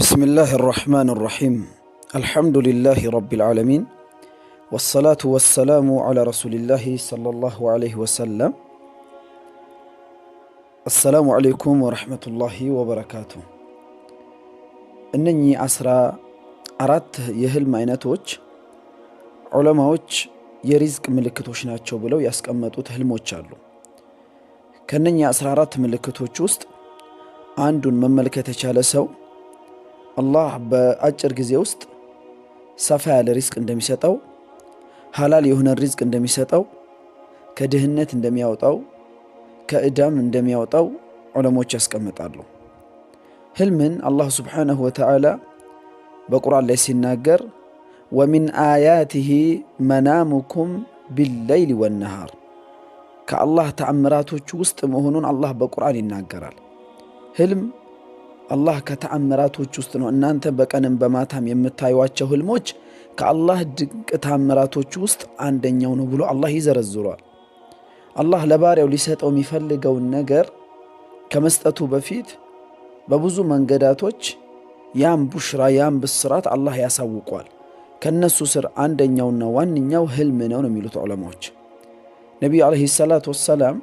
ብስምላህ ራሕማን ራሒም አልሐምዱሊላህ ረቢል ዓለሚን ወሰላቱ ወሰላሙ ዓላ ረሱሊላህ ሰለላሁ ዓለይሂ ወሰለም። አሰላሙ ዓለይኩም ወረሕመቱላሂ ወበረካቱ። እነኚህ አስራ አራት የህልም አይነቶች ዑለማዎች የሪዝቅ ምልክቶች ናቸው ብለው ያስቀመጡት ህልሞች አሉ። ከእነኚህ አስራ አራት ምልክቶች ውስጥ አንዱን መመልከት የቻለ ሰው አላህ በአጭር ጊዜ ውስጥ ሰፋ ያለ ሪዝቅ እንደሚሰጠው፣ ሀላል የሆነ ሪዝቅ እንደሚሰጠው፣ ከድህነት እንደሚያወጣው፣ ከእዳም እንደሚያወጣው ዑለሞች ያስቀምጣሉ። ህልምን አላህ ስብሓነሁ ወተዓላ በቁርአን ላይ ሲናገር ወሚን አያቲሂ መናሙኩም ቢለይሊ ወነሃር ከአላህ ተአምራቶቹ ውስጥ መሆኑን አላህ በቁርአን ይናገራል። ህልም አላህ ከተአምራቶች ውስጥ ነው። እናንተ በቀንም በማታም የምታዩቸው ህልሞች ከአላህ ድንቅ ተአምራቶች ውስጥ አንደኛው ነው ብሎ አላህ ይዘረዝሯል። አላህ ለባሪያው ሊሰጠው የሚፈልገውን ነገር ከመስጠቱ በፊት በብዙ መንገዳቶች ያም ቡሽራ ያም ብስራት አላህ ያሳውቋል። ከነሱ ስር አንደኛውና ዋነኛው ህልም ነው ነው የሚሉት ዑለማዎች ነቢዩ ዓለይሂ ሰላቱ ወሰላም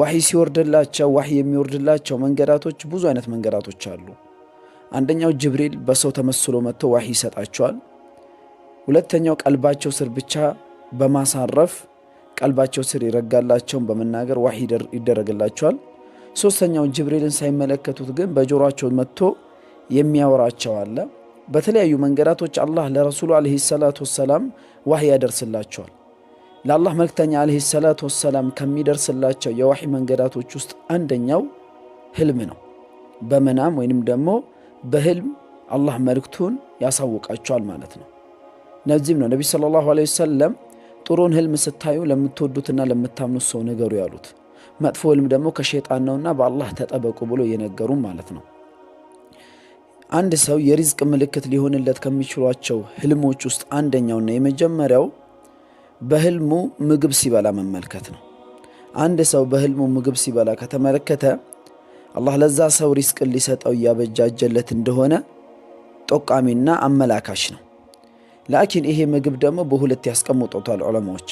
ዋሂ ሲወርድላቸው ዋሂ የሚወርድላቸው መንገዳቶች ብዙ አይነት መንገዳቶች አሉ። አንደኛው ጅብሪል በሰው ተመስሎ መጥቶ ዋሂ ይሰጣቸዋል። ሁለተኛው ቀልባቸው ስር ብቻ በማሳረፍ ቀልባቸው ስር ይረጋላቸውን በመናገር ዋሂ ይደረግላቸዋል። ሶስተኛው ጅብሪልን ሳይመለከቱት ግን በጆሯቸው መጥቶ የሚያወራቸው አለ። በተለያዩ መንገዳቶች አላህ ለረሱሉ ዓለይሂ ሰላቱ ወሰላም ዋሂ ያደርስላቸዋል። ለአላህ መልክተኛ ዓለይሂ ሰላቱ ወሰላም ከሚደርስላቸው የዋሒ መንገዳቶች ውስጥ አንደኛው ህልም ነው። በመናም ወይንም ደግሞ በህልም አላህ መልክቱን ያሳውቃቸዋል ማለት ነው። ነዚህም ነው ነቢ ሰለላሁ ዓለይሂ ወሰለም ጥሩን ህልም ስታዩ ለምትወዱትና ለምታምኑት ሰው ነገሩ ያሉት። መጥፎ ህልም ደግሞ ከሸይጣን ነውና በአላህ ተጠበቁ ብሎ የነገሩም ማለት ነው። አንድ ሰው የሪዝቅ ምልክት ሊሆንለት ከሚችሏቸው ህልሞች ውስጥ አንደኛውና የመጀመሪያው በህልሙ ምግብ ሲበላ መመልከት ነው። አንድ ሰው በህልሙ ምግብ ሲበላ ከተመለከተ አላህ ለዛ ሰው ሪስቅን ሊሰጠው እያበጃጀለት እንደሆነ ጠቋሚና አመላካሽ ነው። ላኪን ይሄ ምግብ ደግሞ በሁለት ያስቀምጦታል ዑለማዎች።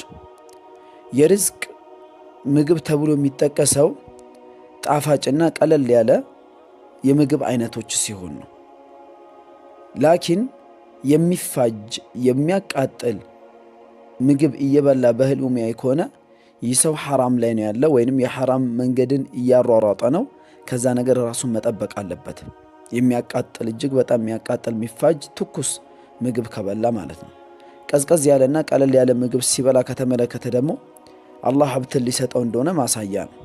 የሪዝቅ ምግብ ተብሎ የሚጠቀሰው ጣፋጭና ቀለል ያለ የምግብ አይነቶች ሲሆን ነው። ላኪን የሚፋጅ የሚያቃጥል ምግብ እየበላ በህልሙ ሚያይ ከሆነ ይህ ሰው ሐራም ላይ ነው ያለ፣ ወይንም የሐራም መንገድን እያሯሯጠ ነው። ከዛ ነገር ራሱን መጠበቅ አለበት። የሚያቃጥል እጅግ በጣም የሚያቃጥል የሚፋጅ ትኩስ ምግብ ከበላ ማለት ነው። ቀዝቀዝ ያለና ቀለል ያለ ምግብ ሲበላ ከተመለከተ ደግሞ አላህ ሀብትን ሊሰጠው እንደሆነ ማሳያ ነው።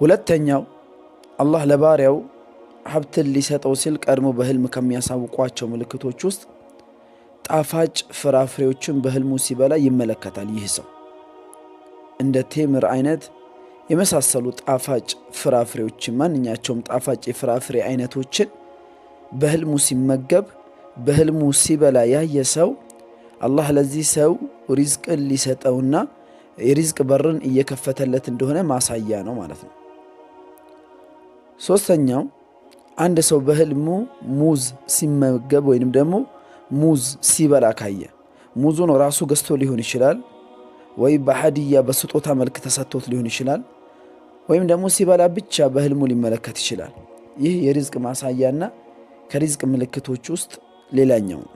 ሁለተኛው አላህ ለባሪያው ሀብትን ሊሰጠው ሲል ቀድሞ በህልም ከሚያሳውቋቸው ምልክቶች ውስጥ ጣፋጭ ፍራፍሬዎችን በህልሙ ሲበላ ይመለከታል። ይህ ሰው እንደ ቴምር አይነት የመሳሰሉ ጣፋጭ ፍራፍሬዎችን ማንኛቸውም ጣፋጭ የፍራፍሬ አይነቶችን በህልሙ ሲመገብ በህልሙ ሲበላ ያየ ሰው አላህ ለዚህ ሰው ሪዝቅን ሊሰጠውና የሪዝቅ በርን እየከፈተለት እንደሆነ ማሳያ ነው ማለት ነው። ሶስተኛው አንድ ሰው በህልሙ ሙዝ ሲመገብ ወይንም ደግሞ ሙዝ ሲበላ ካየ ሙዙን ራሱ ገዝቶ ሊሆን ይችላል፣ ወይም በሀዲያ በስጦታ መልክ ተሰጥቶት ሊሆን ይችላል፣ ወይም ደግሞ ሲበላ ብቻ በህልሙ ሊመለከት ይችላል። ይህ የሪዝቅ ማሳያና ከሪዝቅ ምልክቶች ውስጥ ሌላኛው ነው።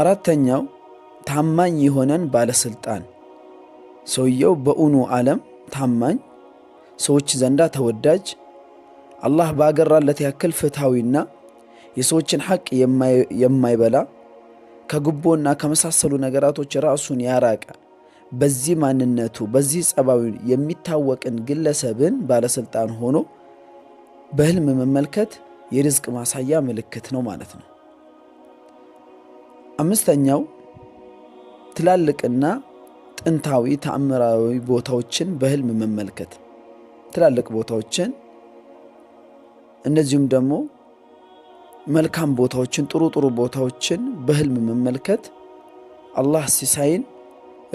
አራተኛው ታማኝ የሆነን ባለስልጣን። ሰውየው በእውኑ ዓለም ታማኝ፣ ሰዎች ዘንዳ ተወዳጅ፣ አላህ ባገራለት ያክል ፍትሐዊና የሰዎችን ሐቅ የማይበላ ከጉቦና ከመሳሰሉ ነገራቶች ራሱን ያራቀ በዚህ ማንነቱ በዚህ ጸባዊ የሚታወቅን ግለሰብን ባለስልጣን ሆኖ በህልም መመልከት የርዝቅ ማሳያ ምልክት ነው ማለት ነው። አምስተኛው ትላልቅና ጥንታዊ ተአምራዊ ቦታዎችን በህልም መመልከት፣ ትላልቅ ቦታዎችን እንደዚሁም ደግሞ መልካም ቦታዎችን ጥሩ ጥሩ ቦታዎችን በህልም መመልከት አላህ ሲሳይን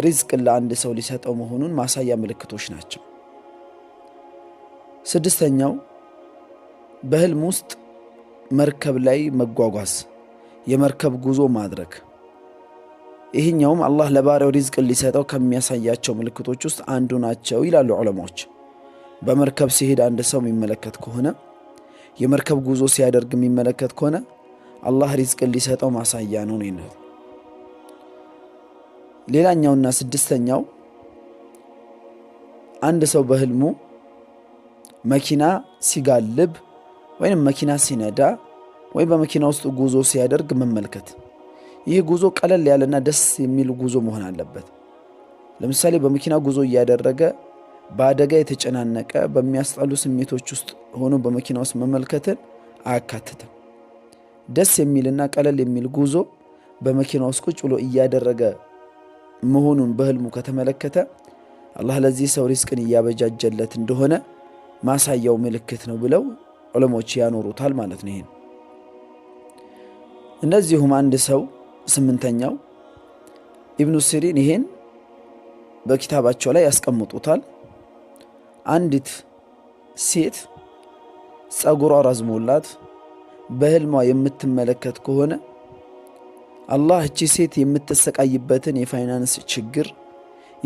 ሪዝቅን ለአንድ ሰው ሊሰጠው መሆኑን ማሳያ ምልክቶች ናቸው። ስድስተኛው በህልም ውስጥ መርከብ ላይ መጓጓዝ፣ የመርከብ ጉዞ ማድረግ። ይህኛውም አላህ ለባሪያው ሪዝቅን ሊሰጠው ከሚያሳያቸው ምልክቶች ውስጥ አንዱ ናቸው ይላሉ ዑለማዎች። በመርከብ ሲሄድ አንድ ሰው የሚመለከት ከሆነ የመርከብ ጉዞ ሲያደርግ የሚመለከት ከሆነ አላህ ሪዝቅን ሊሰጠው ማሳያ ነው ነው። ሌላኛውና ስድስተኛው አንድ ሰው በህልሙ መኪና ሲጋልብ ወይም መኪና ሲነዳ ወይም በመኪና ውስጥ ጉዞ ሲያደርግ መመልከት። ይህ ጉዞ ቀለል ያለና ደስ የሚል ጉዞ መሆን አለበት። ለምሳሌ በመኪና ጉዞ እያደረገ በአደጋ የተጨናነቀ በሚያስጠሉ ስሜቶች ውስጥ ሆኖ በመኪና ውስጥ መመልከትን አያካትትም። ደስ የሚልና ቀለል የሚል ጉዞ በመኪና ውስጥ ቁጭ ብሎ እያደረገ መሆኑን በህልሙ ከተመለከተ አላህ ለዚህ ሰው ሪስቅን እያበጃጀለት እንደሆነ ማሳያው ምልክት ነው ብለው ዑለሞች ያኖሩታል ማለት ነው። ይህን እንደዚሁም አንድ ሰው ስምንተኛው ኢብኑ ሲሪን ይህን በኪታባቸው ላይ ያስቀምጡታል። አንዲት ሴት ጸጉሯ ረዝሞላት በህልሟ የምትመለከት ከሆነ አላህ እቺ ሴት የምትሰቃይበትን የፋይናንስ ችግር፣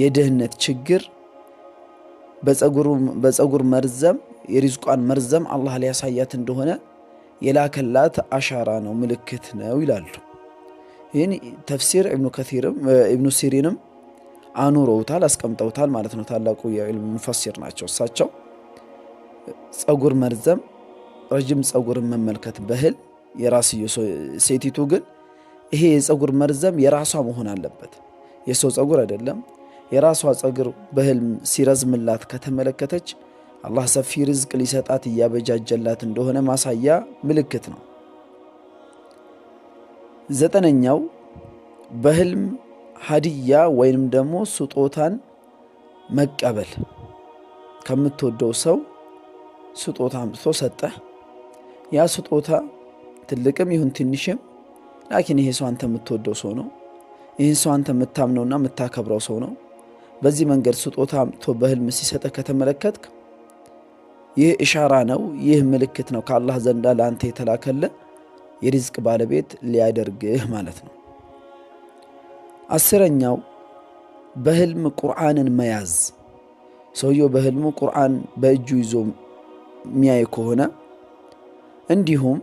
የደህንነት ችግር በጸጉር መርዘም የሪዝቋን መርዘም አላህ ሊያሳያት እንደሆነ የላከላት አሻራ ነው፣ ምልክት ነው ይላሉ። ይህን ተፍሲር ኢብኑ ከሲርም አኑረውታል፣ አስቀምጠውታል ማለት ነው። ታላቁ የዕልም ሙፈሲር ናቸው እሳቸው። ጸጉር መርዘም፣ ረዥም ጸጉርን መመልከት በህል የራስዮ፣ ሴቲቱ ግን ይሄ የጸጉር መርዘም የራሷ መሆን አለበት፣ የሰው ጸጉር አይደለም። የራሷ ጸጉር በህልም ሲረዝምላት ከተመለከተች አላህ ሰፊ ርዝቅ ሊሰጣት እያበጃጀላት እንደሆነ ማሳያ ምልክት ነው። ዘጠነኛው በህልም ሀዲያ ወይንም ደግሞ ስጦታን መቀበል ከምትወደው ሰው ስጦታ አምጥቶ ሰጠህ። ያ ስጦታ ትልቅም ይሁን ትንሽም፣ ላኪን ይሄ ሰው አንተ የምትወደው ሰው ነው። ይህን ሰው አንተ የምታምነውና የምታከብረው ሰው ነው። በዚህ መንገድ ስጦታ አምጥቶ በህልም ሲሰጠህ ከተመለከትክ ይህ እሻራ ነው። ይህ ምልክት ነው፣ ከአላህ ዘንዳ ለአንተ የተላከለ የሪዝቅ ባለቤት ሊያደርግህ ማለት ነው። አስረኛው በህልም ቁርአንን መያዝ። ሰውየው በህልሙ ቁርአን በእጁ ይዞ የሚያይ ከሆነ እንዲሁም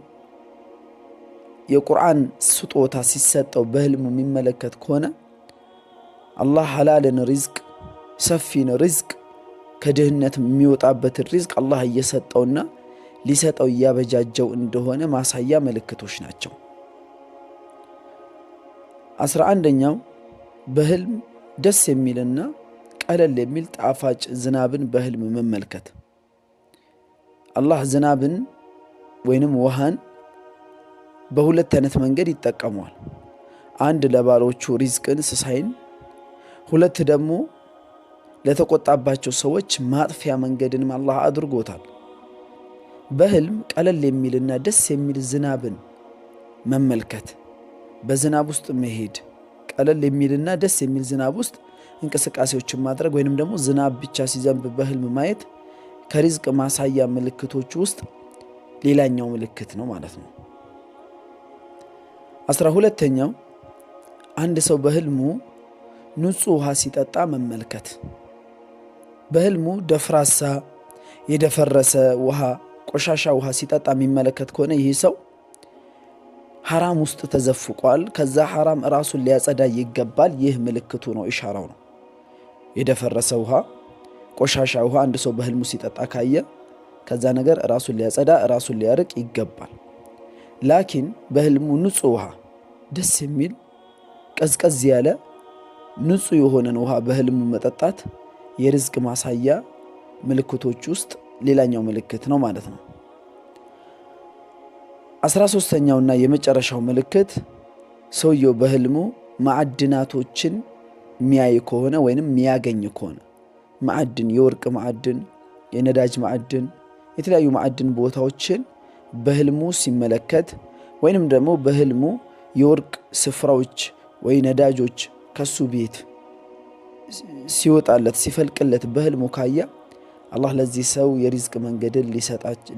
የቁርአን ስጦታ ሲሰጠው በህልሙ የሚመለከት ከሆነ አላህ ሐላልን ሪዝቅ፣ ሰፊን ሪዝቅ፣ ከድህነት የሚወጣበትን ሪዝቅ አላህ እየሰጠውና ሊሰጠው እያበጃጀው እንደሆነ ማሳያ ምልክቶች ናቸው። አስራ አንደኛው በህልም ደስ የሚልና ቀለል የሚል ጣፋጭ ዝናብን በህልም መመልከት። አላህ ዝናብን ወይንም ውሃን በሁለት አይነት መንገድ ይጠቀመዋል። አንድ ለባሮቹ ሪዝቅን ስሳይን፣ ሁለት ደግሞ ለተቆጣባቸው ሰዎች ማጥፊያ መንገድንም አላህ አድርጎታል። በህልም ቀለል የሚልና ደስ የሚል ዝናብን መመልከት፣ በዝናብ ውስጥ መሄድ ቀለል የሚልና ደስ የሚል ዝናብ ውስጥ እንቅስቃሴዎችን ማድረግ ወይንም ደግሞ ዝናብ ብቻ ሲዘንብ በህልም ማየት ከሪዝቅ ማሳያ ምልክቶች ውስጥ ሌላኛው ምልክት ነው ማለት ነው። አስራ ሁለተኛው አንድ ሰው በህልሙ ንጹህ ውሃ ሲጠጣ መመልከት። በህልሙ ደፍራሳ፣ የደፈረሰ ውሃ፣ ቆሻሻ ውሃ ሲጠጣ የሚመለከት ከሆነ ይህ ሰው ሐራም ውስጥ ተዘፍቋል። ከዛ ሐራም ራሱን ሊያጸዳ ይገባል። ይህ ምልክቱ ነው፣ ኢሻራው ነው። የደፈረሰ ውሃ፣ ቆሻሻ ውሃ አንድ ሰው በህልሙ ሲጠጣ ካየ ከዛ ነገር ራሱን ሊያጸዳ ራሱን ሊያርቅ ይገባል። ላኪን በህልሙ ንጹህ ውሃ ደስ የሚል ቀዝቀዝ ያለ ንጹህ የሆነን ውሃ በህልሙ መጠጣት የርዝቅ ማሳያ ምልክቶች ውስጥ ሌላኛው ምልክት ነው ማለት ነው። አስራ ሶስተኛውና የመጨረሻው ምልክት ሰውየው በህልሙ ማዕድናቶችን ሚያይ ከሆነ ወይንም ሚያገኝ ከሆነ ማዕድን፣ የወርቅ ማዕድን፣ የነዳጅ ማዕድን፣ የተለያዩ ማዕድን ቦታዎችን በህልሙ ሲመለከት ወይንም ደግሞ በህልሙ የወርቅ ስፍራዎች ወይ ነዳጆች ከሱ ቤት ሲወጣለት ሲፈልቅለት በህልሙ ካያ አላህ ለዚህ ሰው የሪዝቅ መንገድን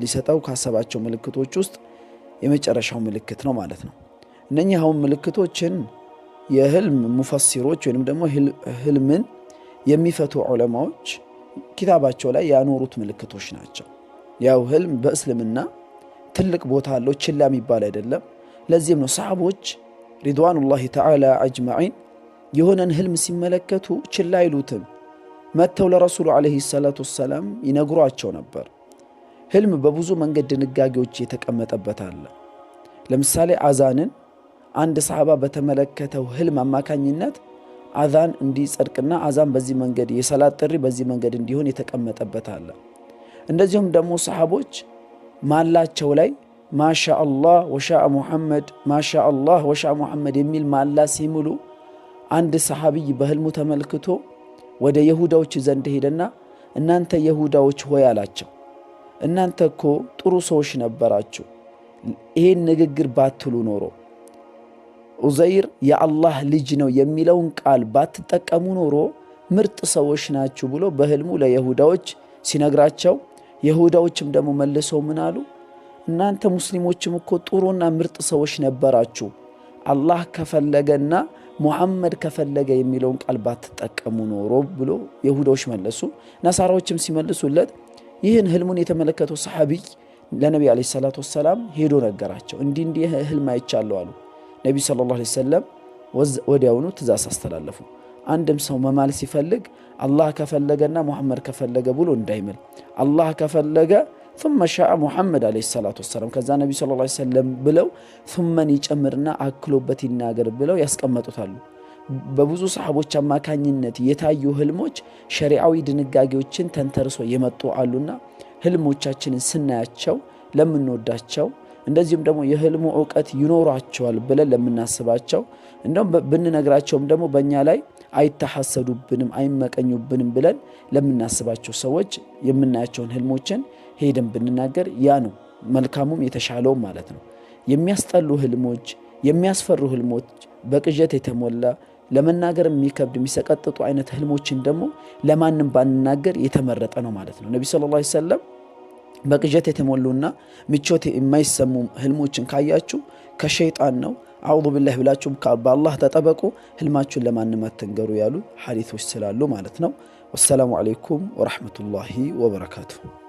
ሊሰጠው ካሰባቸው ምልክቶች ውስጥ የመጨረሻው ምልክት ነው ማለት ነው። እነኚህ አሁን ምልክቶችን የህልም ሙፈሲሮች ወይም ደግሞ ህልምን የሚፈቱ ዑለማዎች ኪታባቸው ላይ ያኖሩት ምልክቶች ናቸው። ያው ህልም በእስልምና ትልቅ ቦታ አለው፣ ችላ የሚባል አይደለም። ለዚህም ነው ሰሃቦች ሪድዋኑላሂ ተዓላ አጅማዒን የሆነን ህልም ሲመለከቱ ችላ አይሉትም። መጥተው ለረሱሉ ዓለይሂ ሰላቱ ወሰላም ይነግሯቸው ነበር። ህልም በብዙ መንገድ ድንጋጌዎች የተቀመጠበት አለ። ለምሳሌ አዛንን አንድ ሰሃባ በተመለከተው ህልም አማካኝነት አዛን እንዲጸድቅና አዛን በዚህ መንገድ የሰላት ጥሪ በዚህ መንገድ እንዲሆን የተቀመጠበት አለ። እንደዚሁም ደግሞ ሰሃቦች ማላቸው ላይ ማሻ አላህ ወሻ ሙሐመድ ማሻ አላህ ወሻ ሙሐመድ የሚል ማላ ሲምሉ አንድ ሰሃቢይ በህልሙ ተመልክቶ ወደ የሁዳዎች ዘንድ ሄደና እናንተ የሁዳዎች ሆይ አላቸው። እናንተ እኮ ጥሩ ሰዎች ነበራችሁ፣ ይህን ንግግር ባትሉ ኖሮ ዑዘይር የአላህ ልጅ ነው የሚለውን ቃል ባትጠቀሙ ኖሮ ምርጥ ሰዎች ናችሁ ብሎ በህልሙ ለይሁዳዎች ሲነግራቸው ይሁዳዎችም ደግሞ መልሰው ምን አሉ? እናንተ ሙስሊሞችም እኮ ጥሩና ምርጥ ሰዎች ነበራችሁ፣ አላህ ከፈለገና ሙሐመድ ከፈለገ የሚለውን ቃል ባትጠቀሙ ኖሮ ብሎ ይሁዳዎች መለሱ። ነሳራዎችም ሲመልሱለት ይህን ህልሙን የተመለከተው ሰሓቢይ ለነቢ ዓለይሂ ሰላቱ ወሰላም ሄዶ ነገራቸው። እንዲህ እንዲህ ህልም አይቻለሁ አሉ። ነቢዩ ሰለላሁ ዓለይሂ ወሰለም ወዲያውኑ ትእዛዝ አስተላለፉ። አንድም ሰው መማል ሲፈልግ አላህ ከፈለገና ሙሐመድ ከፈለገ ብሎ እንዳይምል። አላህ ከፈለገ ثم شاء ሙሐመድ ዓለይሂ ሰላቱ ወሰላም ከዛ ነቢዩ ሰለላሁ ዓለይሂ ወሰለም ብለው ثመን ይጨምርና አክሎበት ይናገር ብለው ያስቀመጡታሉ። በብዙ ሰሃቦች አማካኝነት የታዩ ህልሞች ሸሪዓዊ ድንጋጌዎችን ተንተርሶ የመጡ አሉና ህልሞቻችንን ስናያቸው ለምንወዳቸው እንደዚሁም ደግሞ የህልሙ እውቀት ይኖሯቸዋል ብለን ለምናስባቸው እንደውም ብንነግራቸውም ደግሞ በእኛ ላይ አይተሐሰዱብንም፣ አይመቀኙብንም ብለን ለምናስባቸው ሰዎች የምናያቸውን ህልሞችን ሄደን ብንናገር ያ ነው መልካሙም የተሻለውም ማለት ነው። የሚያስጠሉ ህልሞች፣ የሚያስፈሩ ህልሞች፣ በቅዠት የተሞላ ለመናገር የሚከብድ የሚሰቀጥጡ አይነት ህልሞችን ደግሞ ለማንም ባንናገር የተመረጠ ነው ማለት ነው። ነቢ ሰለላሁ ዐለይሂ ወሰለም በቅዠት የተሞሉና ምቾት የማይሰሙ ህልሞችን ካያችሁ ከሸይጣን ነው፣ አዑዙ ቢላህ ብላችሁም በአላህ ተጠበቁ፣ ህልማችሁን ለማንም አትንገሩ ያሉ ሐዲቶች ስላሉ ማለት ነው። ወሰላሙ አለይኩም ወረሕመቱላሂ ወበረካቱ።